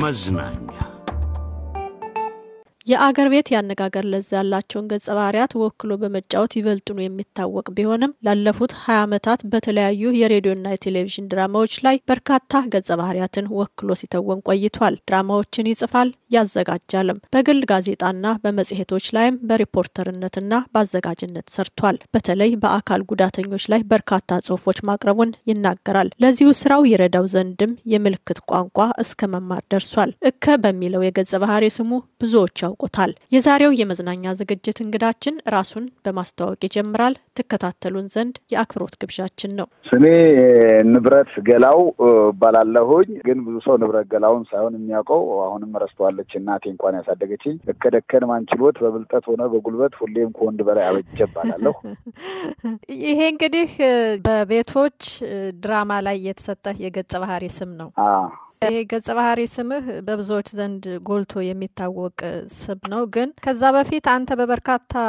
መዝናኛ የአገር ቤት የአነጋገር ለዛ ያላቸውን ገጸ ባህሪያት ወክሎ በመጫወት ይበልጡኑ የሚታወቅ ቢሆንም ላለፉት ሀያ ዓመታት በተለያዩ የሬዲዮና የቴሌቪዥን ድራማዎች ላይ በርካታ ገጸ ባህሪያትን ወክሎ ሲተወን ቆይቷል። ድራማዎችን ይጽፋል፣ ያዘጋጃልም። በግል ጋዜጣና በመጽሔቶች ላይም በሪፖርተርነትና በአዘጋጅነት ሰርቷል። በተለይ በአካል ጉዳተኞች ላይ በርካታ ጽሁፎች ማቅረቡን ይናገራል። ለዚሁ ስራው ይረዳው ዘንድም የምልክት ቋንቋ እስከ መማር ደርሷል። እከ በሚለው የገጸ ባህሪ ስሙ ብዙዎች ያውቁታል። የዛሬው የመዝናኛ ዝግጅት እንግዳችን ራሱን በማስተዋወቅ ይጀምራል። ትከታተሉን ዘንድ የአክብሮት ግብዣችን ነው። ስሜ ንብረት ገላው እባላለሁኝ። ግን ብዙ ሰው ንብረት ገላውን ሳይሆን የሚያውቀው አሁንም ረስተዋል ትላለች እናቴ እንኳን ያሳደገችኝ እከደከን ማንችሎት በብልጠት ሆነ በጉልበት ሁሌም ከወንድ በላይ አበጀ እባላለሁ። ይሄ እንግዲህ በቤቶች ድራማ ላይ የተሰጠ የገጸ ባህሪ ስም ነው። ይሄ ገጸ ባህሪ ስምህ በብዙዎች ዘንድ ጎልቶ የሚታወቅ ስም ነው። ግን ከዛ በፊት አንተ በበርካታ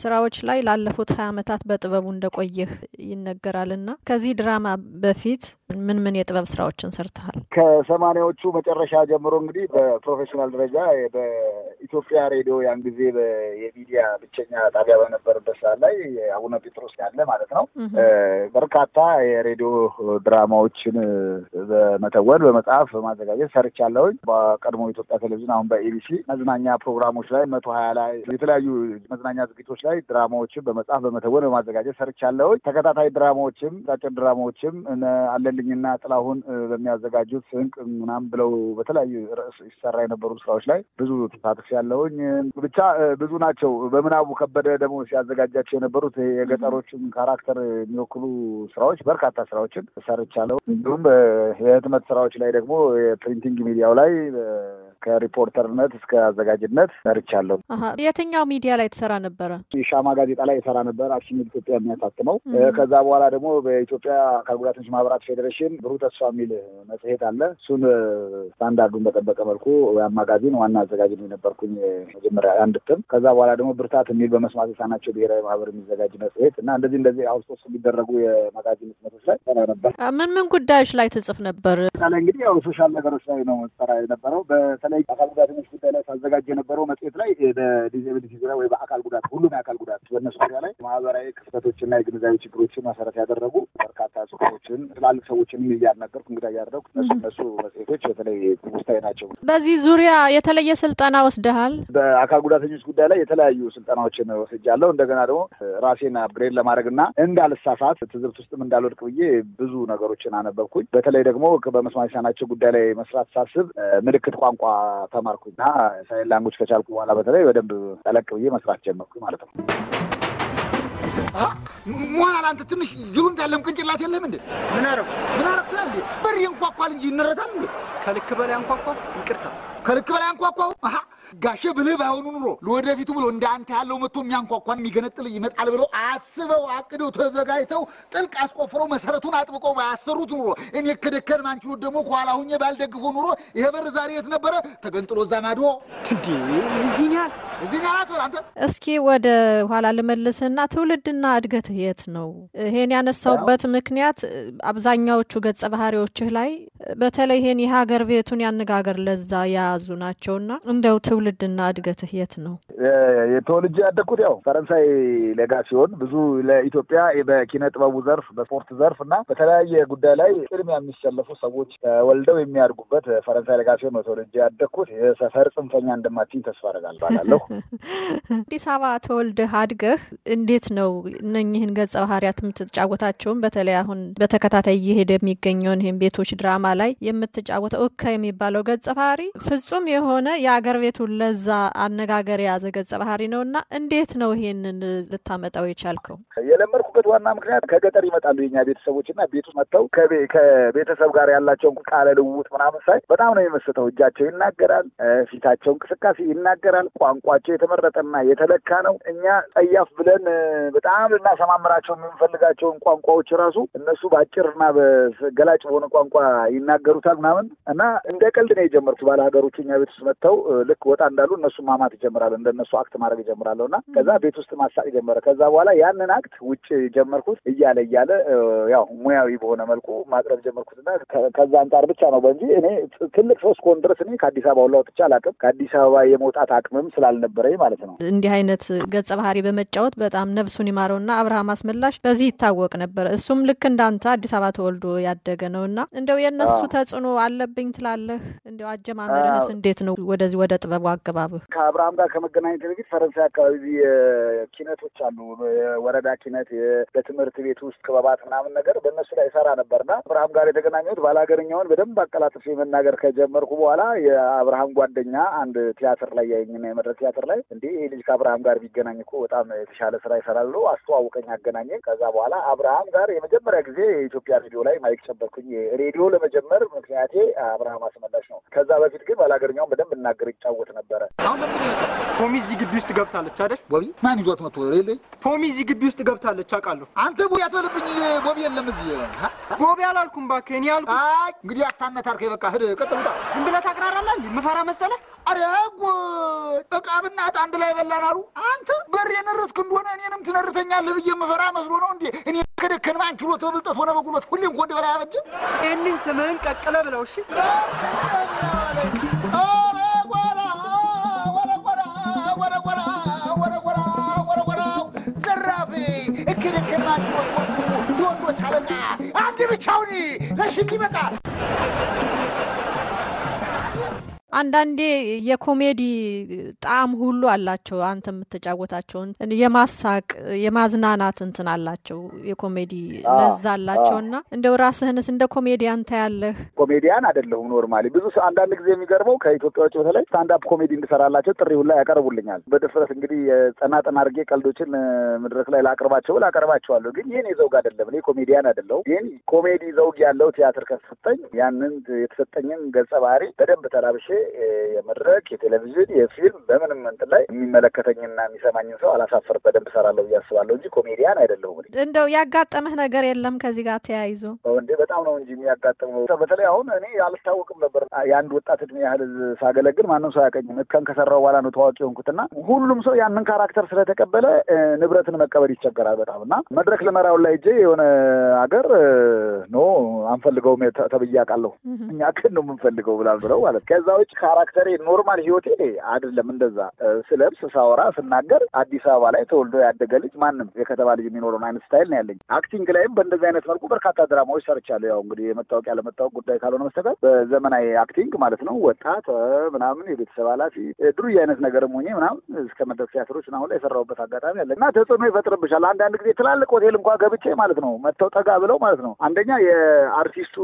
ስራዎች ላይ ላለፉት ሀያ ዓመታት በጥበቡ እንደቆየህ ይነገራልና ከዚህ ድራማ በፊት ምን ምን የጥበብ ስራዎችን ሰርተሃል? ከሰማኒያዎቹ መጨረሻ ጀምሮ እንግዲህ በፕሮፌሽናል ደረጃ በኢትዮጵያ ሬዲዮ ያን ጊዜ የሚዲያ ብቸኛ ጣቢያ በነበረበት ሰዓት ላይ አቡነ ጴጥሮስ ያለ ማለት ነው በርካታ የሬዲዮ ድራማዎችን በመተወን በመጽሐፍ መጽሐፍ በማዘጋጀት ሰርቻለሁኝ በቀድሞ ኢትዮጵያ ቴሌቪዥን አሁን በኤቢሲ መዝናኛ ፕሮግራሞች ላይ መቶ ሀያ ላይ የተለያዩ መዝናኛ ዝግጅቶች ላይ ድራማዎችን በመጽሐፍ በመተወን በማዘጋጀት ሰርቻለሁኝ። ተከታታይ ድራማዎችም አጫጭር ድራማዎችም አለልኝና ጥላሁን በሚያዘጋጁት ስንቅ ምናምን ብለው በተለያዩ ርዕስ ይሰራ የነበሩ ስራዎች ላይ ብዙ ተሳትፍ ያለውኝ ብቻ ብዙ ናቸው። በምናቡ ከበደ ደግሞ ሲያዘጋጃቸው የነበሩት የገጠሮችን ካራክተር የሚወክሉ ስራዎች በርካታ ስራዎችን ሰርቻለሁ። እንዲሁም የህትመት ስራዎች ላይ ደግሞ ደግሞ የፕሪንቲንግ ሚዲያው ላይ ከሪፖርተርነት እስከ አዘጋጅነት መርቻለሁ። የትኛው ሚዲያ ላይ የተሰራ ነበረ? የሻማ ጋዜጣ ላይ የሰራ ነበር፣ አክሽን ኢትዮጵያ የሚያሳትመው። ከዛ በኋላ ደግሞ በኢትዮጵያ አካል ጉዳተኞች ማህበራት ፌዴሬሽን ብሩህ ተስፋ የሚል መጽሔት አለ። እሱን ስታንዳርዱን በጠበቀ መልኩ ማጋዚን ዋና አዘጋጅ ነው የነበርኩኝ መጀመሪያ አንድ እትም። ከዛ በኋላ ደግሞ ብርታት የሚል በመስማት የተሳናቸው ብሔራዊ ማህበር የሚዘጋጅ መጽሔት እና እንደዚህ እንደዚህ አውትሶርስ የሚደረጉ የማጋዚን ህትመቶች ላይ ሰራ ነበር። ምን ምን ጉዳዮች ላይ ትጽፍ ነበር? እንግዲህ ያው ሶሻል ነገሮች ላይ ነው ሰራ የነበረው። ላይ አካል ጉዳተኞች ጉዳይ ላይ ሳዘጋጅ የነበረው መጽሔት ላይ በዲዛብሊቲ ዙሪያ ወይ በአካል ጉዳት ሁሉም የአካል ጉዳት በእነሱ ዙሪያ ላይ ማህበራዊ ክፍተቶች ክፍተቶችና የግንዛቤ ችግሮችን መሰረት ያደረጉ በርካታ ጽሁፎችን ትላልቅ ሰዎችን እያናገርኩ እንግዳ እያደረጉ እነሱ እነሱ መጽሔቶች በተለይ ውስታዊ ናቸው። በዚህ ዙሪያ የተለየ ስልጠና ወስደሃል? በአካል ጉዳተኞች ጉዳይ ላይ የተለያዩ ስልጠናዎችን ወስጃለሁ። እንደገና ደግሞ ራሴን አፕግሬድ ለማድረግና እንዳልሳሳት ትዝብት ውስጥም እንዳልወድቅ ብዬ ብዙ ነገሮችን አነበብኩኝ። በተለይ ደግሞ በመስማት የተሳናቸው ጉዳይ ላይ መስራት ሳስብ ምልክት ቋንቋ ተማርኩ እና ሳይን ላንጉጅ ከቻልኩ በኋላ በተለይ በደንብ ጠለቅ ብዬ መስራት ጀመርኩ ማለት ነው። መሆናል አንተ ትንሽ ይሉን ያለም ቅንጭላት የለም እንዴ? ምን አረኩ ምን አረኩ እንዴ? በር እንኳኳል እንጂ እንረታል እንዴ? ከልክ በላይ አንኳኳ። ይቅርታ ከልክ በላይ አንኳኳው ጋሸ ብልህ ባይሆኑ ኑሮ ለወደፊቱ ብሎ እንደ አንተ ያለው መጥቶ የሚያንኳኳ የሚገነጥል ይመጣል ብለው አስበው አቅደው ተዘጋጅተው ጥልቅ አስቆፍረው መሰረቱን አጥብቀው ባያሰሩት ኑሮ እኔ ከደከን ማንችሎ ደግሞ ከኋላ ሁኜ ባልደግፎ ኑሮ ይሄ በር ዛሬ የት ነበረ? ተገንጥሎ እዛ ማዶ አንተ እስኪ ወደ ኋላ ልመልስና ትውልድና እድገት የት ነው? ይሄን ያነሳውበት ምክንያት አብዛኛዎቹ ገጸ ባህሪዎችህ ላይ በተለይ ይሄን የሀገር ቤቱን ያነጋገር ለዛ የያዙ ናቸውና እንደው ትውልድና እድገትህ የት ነው? ተወልጄ ያደግኩት ያው ፈረንሳይ ሌጋ ሲሆን ብዙ ለኢትዮጵያ በኪነ ጥበቡ ዘርፍ፣ በስፖርት ዘርፍ እና በተለያየ ጉዳይ ላይ ቅድሚያ የሚሰለፉ ሰዎች ተወልደው የሚያድጉበት ፈረንሳይ ሌጋ ሲሆን ነው ያደግኩት። የሰፈር ጽንፈኛ እንደማትኝ ተስፋ አደርጋለሁ ባላለሁ። አዲስ አበባ ተወልደህ አድገህ እንዴት ነው እነኝህን ገጸ ባህሪያት የምትጫወታቸውን በተለይ አሁን በተከታታይ እየሄደ የሚገኘውን ይህም ቤቶች ድራማ ላይ የምትጫወተው እካ የሚባለው ገጸ ባህሪ ፍጹም የሆነ የአገር ቤቱ ለዛ አነጋገር የያዘ ገጸ ባህሪ ነው እና እንዴት ነው ይሄንን ልታመጣው የቻልከው? የለመድኩበት ዋና ምክንያት ከገጠር ይመጣሉ የኛ ቤተሰቦች እና ቤቱ መጥተው ከቤተሰብ ጋር ያላቸውን ቃለ ልውውጥ ምናምን ሳይ በጣም ነው የሚመስጠው። እጃቸው ይናገራል፣ ፊታቸው እንቅስቃሴ ይናገራል። ቋንቋቸው የተመረጠና የተለካ ነው። እኛ ጠያፍ ብለን በጣም ልናሰማምራቸው የምንፈልጋቸውን ቋንቋዎች ራሱ እነሱ በአጭርና በገላጭ በሆነ ቋንቋ ይናገሩታል ምናምን እና እንደ ቀልድ ነው የጀመርኩት። ባለ ሀገሮቹ እኛ ቤት ውስጥ መጥተው ልክ ወጣ ጨዋታ እንዳሉ እነሱ ማማት ይጀምራሉ። እንደነሱ አክት ማድረግ ይጀምራለሁ እና ከዛ ቤት ውስጥ ማሳቅ ጀመረ። ከዛ በኋላ ያንን አክት ውጭ ጀመርኩት እያለ እያለ ያው ሙያዊ በሆነ መልኩ ማቅረብ ጀመርኩት እና ከዛ አንጻር ብቻ ነው በእንጂ እኔ ትልቅ ሰው ኮን ድረስ እኔ ከአዲስ አበባ ሁላ ወጥቼ ከአዲስ አበባ የመውጣት አቅምም ስላልነበረኝ ማለት ነው። እንዲህ አይነት ገጸ ባህሪ በመጫወት በጣም ነፍሱን ይማረውና አብርሃም አስመላሽ በዚህ ይታወቅ ነበር። እሱም ልክ እንዳንተ አዲስ አበባ ተወልዶ ያደገ ነው እና እንደው የእነሱ ተጽዕኖ አለብኝ ትላለህ? እንደው አጀማመርህስ እንዴት ነው ወደዚህ ወደ ጥበብ ሀሳቡ አገባቡ ከአብርሃም ጋር ከመገናኘት በፊት ፈረንሳይ አካባቢ ኪነቶች አሉ፣ የወረዳ ኪነት በትምህርት ቤት ውስጥ ክበባት ምናምን ነገር በእነሱ ላይ ይሰራ ነበርና አብርሃም ጋር የተገናኘሁት ባላገርኛውን በደንብ አቀላጥፍ መናገር ከጀመርኩ በኋላ የአብርሃም ጓደኛ አንድ ቲያትር ላይ ያየኝና የመድረክ ቲያትር ላይ እንዲህ ይህ ልጅ ከአብርሃም ጋር ቢገናኝ እኮ በጣም የተሻለ ስራ ይሰራሉ አስተዋውቀኝ አገናኘኝ። ከዛ በኋላ አብርሃም ጋር የመጀመሪያ ጊዜ የኢትዮጵያ ሬዲዮ ላይ ማይክ ጨበርኩኝ። ሬዲዮ ለመጀመር ምክንያቴ አብርሃም አስመላሽ ነው። ከዛ በፊት ግን ባላገርኛውን በደንብ እናገር ይጫወት ነበረ። ፖሚ እዚህ ግቢ ውስጥ ገብታለች አይደል? ቦቢ ማን ይዟት መጥቶ ሬሌ? ፖሚ እዚህ ግቢ ውስጥ ገብታለች አውቃለሁ። አንተ ቦቢ አትበልብኝ። ቦቢ የለም እዚህ። ቦቢ አላልኩም እባክህ፣ እኔ አልኩ። አይ እንግዲህ አታነታርከኝ። በቃ ሂድ ቀጥል። ውጣ። ዝም ብለህ ታቅራራለህ እንዴ? የምፈራ መሰለህ? አረ ጉድ! እቃብና ዕጣ አንድ ላይ በላን አሉ። አንተ በር የነረትክ እንደሆነ እኔንም ትነርተኛለህ ብዬ የምፈራ መስሎ ነው እንዴ? እኔ ከደከን ማን ችሎት በብልጠት ሆነ በጉልበት ሁሌም ኮንድ በላይ አበጅ። ይህንን ስምህን ቀቅለ ብለው እሺ አንድ ብቻውን ለሽንት ይመጣል። አንዳንዴ የኮሜዲ ጣዕም ሁሉ አላቸው። አንተ የምትጫወታቸውን የማሳቅ የማዝናናት እንትን አላቸው። የኮሜዲ ለዛ እና እንደው ራስህንስ እንደ ኮሜዲያን ታያለህ? ኮሜዲያን አይደለሁም ኖርማሊ። ብዙ አንዳንድ ጊዜ የሚገርመው ከኢትዮጵያዎች በተለይ ስታንዳፕ ኮሜዲ እንድሰራላቸው ጥሪ ሁላ ያቀርቡልኛል። በድፍረት እንግዲህ የጠና ጠና አድርጌ ቀልዶችን መድረክ ላይ ላቅርባቸው ላቀርባቸዋለሁ። ግን ይህን የዘውግ አይደለም። እኔ ኮሜዲያን አይደለሁም። ግን ኮሜዲ ዘውግ ያለው ቲያትር ከሰጠኝ ያንን የተሰጠኝን ገጸ ባህሪ በደንብ ተላብሼ የመድረክ የቴሌቪዥን የፊልም በምንም እንትን ላይ የሚመለከተኝና የሚሰማኝን ሰው አላሳፈር በደንብ ሰራለሁ እያስባለሁ እንጂ ኮሜዲያን አይደለሁም። እንደው ያጋጠመህ ነገር የለም ከዚህ ጋር ተያይዞ? እንዴ በጣም ነው እንጂ የሚያጋጥመው። በተለይ አሁን እኔ አልታወቅም ነበር። የአንድ ወጣት እድሜ ያህል ሳገለግል ማንም ሰው አያውቀኝም። እከን ከሰራው በኋላ ነው ታዋቂ ሆንኩትና ሁሉም ሰው ያንን ካራክተር ስለተቀበለ ንብረትን መቀበል ይቸገራል በጣም እና መድረክ ልመራውን ላይ እጄ የሆነ አገር ኖ አንፈልገውም ተብዬ አውቃለሁ። እኛ ግን ነው የምንፈልገው ብላል ብለው ማለት ከዛ ውጭ ካራክተሬ ኖርማል ህይወቴ አይደለም። እንደዛ ስለብስ፣ ሳወራ፣ ስናገር አዲስ አበባ ላይ ተወልዶ ያደገ ልጅ ማንም የከተማ ልጅ የሚኖረውን አይነት ስታይል ነው ያለኝ። አክቲንግ ላይም በእንደዚህ አይነት መልኩ በርካታ ድራማዎች ሰርቻለሁ። ያው እንግዲህ የመታወቅ ያለመታወቅ ጉዳይ ካልሆነ መስተካል በዘመናዊ አክቲንግ ማለት ነው። ወጣት ምናምን፣ የቤተሰብ ኃላፊ ድሩዬ አይነት ነገርም ሆኜ ምናምን እስከ መድረክ ቲያትሮች አሁን ላይ የሰራሁበት አጋጣሚ አለ እና ተጽዕኖ ይፈጥርብሻል። አንዳንድ ጊዜ ትላልቅ ሆቴል እንኳ ገብቼ ማለት ነው መጥተው ጠጋ ብለው ማለት ነው አንደኛ የአርቲስቱ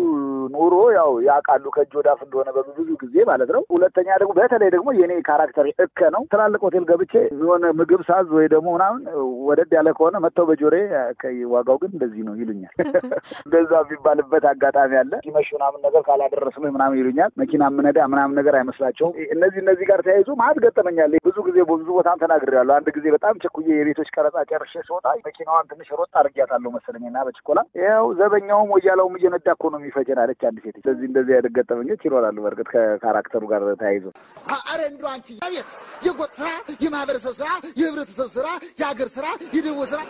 ኑሮ ያው ያውቃሉ ከእጅ ወዳፍ እንደሆነ በብዙ ጊዜ ማለት ነው አለው። ሁለተኛ ደግሞ በተለይ ደግሞ የኔ ካራክተር እከ ነው። ትላልቅ ሆቴል ገብቼ የሆነ ምግብ ሳዝ ወይ ደግሞ ምናምን ወደድ ያለ ከሆነ መጥተው በጆሬ ከይ ዋጋው ግን እንደዚህ ነው ይሉኛል። እንደዛ የሚባልበት አጋጣሚ አለ። ሲመሽ ምናምን ነገር ካላደረስንህ ምናምን ይሉኛል። መኪና ምነዳ ምናምን ነገር አይመስላቸውም። እነዚህ እነዚህ ጋር ተያይዞ ማለት ገጠመኛል። ብዙ ጊዜ ብዙ ቦታም ተናግሬያለሁ። አንድ ጊዜ በጣም ቸኩዬ የቤቶች ቀረጻ ጨርሼ ስወጣ መኪናዋን ትንሽ ሮጥ አድርጊያታለሁ መሰለኝና በችኮላ ያው ዘበኛውም ወያላውም እየነዳ እኮ ነው የሚፈጀን አለች አንድ ሴት። ስለዚህ እንደዚህ ያደገጠመኞች ይኖራሉ። በእርግጥ ከካራክተሩ ጋር ተያይዞ አረ እንዲ አንቺ ቤት የጎጥ ስራ፣ የማህበረሰብ ስራ፣ የህብረተሰብ ስራ፣ የሀገር ስራ፣ የደቦ ስራ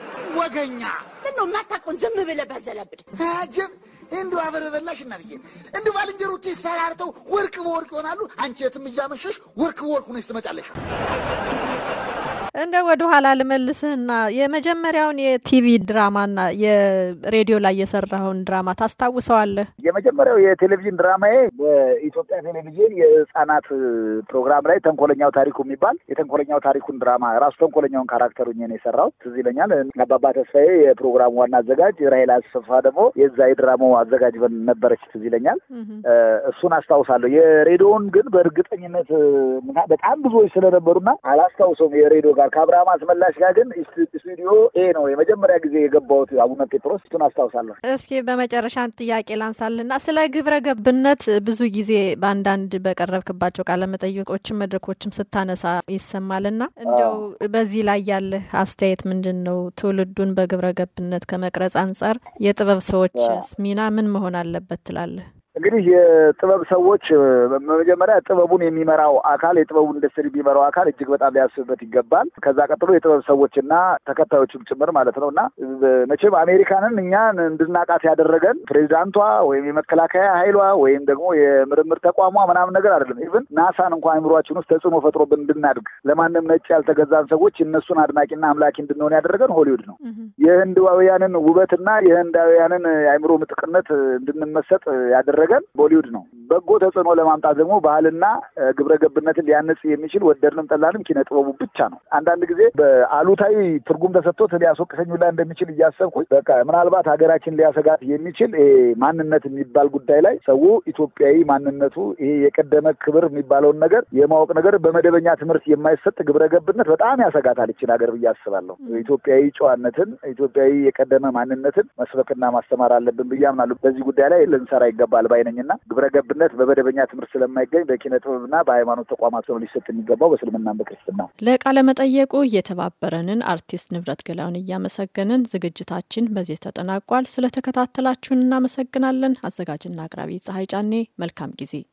ወገኛ ምን ነው የማታውቀውን ዝም ብለህ ባዘለብድ አጀብ እንዱ አፈር በላሽ እናትዬ፣ እንዱ ባልንጀሮች ይሰራርተው ወርቅ በወርቅ ይሆናሉ። አንቺ የትም እያመሸሽ ወርቅ በወርቅ ሆነሽ ትመጫለሽ። እንደ ወደ ኋላ ልመልስህና የመጀመሪያውን የቲቪ ድራማና የሬዲዮ ላይ የሰራኸውን ድራማ ታስታውሰዋለህ? የመጀመሪያው የቴሌቪዥን ድራማዬ በኢትዮጵያ ቴሌቪዥን የህጻናት ፕሮግራም ላይ ተንኮለኛው ታሪኩ የሚባል የተንኮለኛው ታሪኩን ድራማ ራሱ ተንኮለኛውን ካራክተሩ ነው የሰራው ትዝ ይለኛል። አባባ ተስፋዬ የፕሮግራሙ ዋና አዘጋጅ፣ ራይል አስፋ ደግሞ የዛ የድራማው አዘጋጅ ነበረች። ትዝ ይለኛል። እሱን አስታውሳለሁ። የሬዲዮውን ግን በእርግጠኝነት በጣም ብዙዎች ስለነበሩና አላስታውሰውም የሬዲዮ ጋር ከአብርሃም አስመላሽ ጋር ግን ስቱዲዮ ኤ ነው የመጀመሪያ ጊዜ የገባሁት አቡነ ጴጥሮስ። እሱን አስታውሳለሁ። እስኪ በመጨረሻ ጥያቄ ላንሳልና ስለ ግብረ ገብነት ብዙ ጊዜ በአንዳንድ በቀረብክባቸው ቃለመጠይቆችም መድረኮችም ስታነሳ ይሰማልና እንደው በዚህ ላይ ያለህ አስተያየት ምንድን ነው? ትውልዱን በግብረ ገብነት ከመቅረጽ አንጻር የጥበብ ሰዎች ሚና ምን መሆን አለበት ትላለህ? እንግዲህ የጥበብ ሰዎች መጀመሪያ ጥበቡን የሚመራው አካል የጥበቡን ኢንዱስትሪ የሚመራው አካል እጅግ በጣም ሊያስብበት ይገባል። ከዛ ቀጥሎ የጥበብ ሰዎችና ተከታዮችም ጭምር ማለት ነው እና መቼም አሜሪካንን እኛን እንድናቃት ያደረገን ፕሬዚዳንቷ ወይም የመከላከያ ኃይሏ ወይም ደግሞ የምርምር ተቋሟ ምናምን ነገር አይደለም። ኢቭን ናሳን እንኳ አይምሯችን ውስጥ ተጽዕኖ ፈጥሮብን እንድናድግ ለማንም ነጭ ያልተገዛን ሰዎች እነሱን አድናቂና አምላኪ እንድንሆን ያደረገን ሆሊውድ ነው። የህንድዋውያንን ውበትና የህንዳውያንን የአይምሮ ምጥቅነት እንድንመሰጥ ያደረገ ነገር ቦሊውድ ነው። በጎ ተጽዕኖ ለማምጣት ደግሞ ባህልና ግብረ ገብነትን ሊያነጽ የሚችል ወደድንም ጠላንም ኪነ ጥበቡ ብቻ ነው። አንዳንድ ጊዜ በአሉታዊ ትርጉም ተሰጥቶት ሊያስወቅሰኝ ላይ እንደሚችል እያሰብኩኝ በቃ ምናልባት ሀገራችን ሊያሰጋት የሚችል ማንነት የሚባል ጉዳይ ላይ ሰው ኢትዮጵያዊ ማንነቱ ይሄ የቀደመ ክብር የሚባለውን ነገር የማወቅ ነገር በመደበኛ ትምህርት የማይሰጥ ግብረ ገብነት በጣም ያሰጋታል ይችን ሀገር ብዬ አስባለሁ። ኢትዮጵያዊ ጨዋነትን፣ ኢትዮጵያዊ የቀደመ ማንነትን መስበክና ማስተማር አለብን ብዬ አምናለሁ። በዚህ ጉዳይ ላይ ልንሰራ ይገባል። ባይ ነኝ እና ግብረ ገብነት በመደበኛ ትምህርት ስለማይገኝ በኪነ ጥበብና በሃይማኖት ተቋማት ነው ሊሰጥ የሚገባው በእስልምና በክርስትና። ለቃለ መጠየቁ እየተባበረንን አርቲስት ንብረት ገላውን እያመሰገንን ዝግጅታችን በዚህ ተጠናቋል። ስለተከታተላችሁን እናመሰግናለን። አዘጋጅና አቅራቢ ፀሐይ ጫኔ። መልካም ጊዜ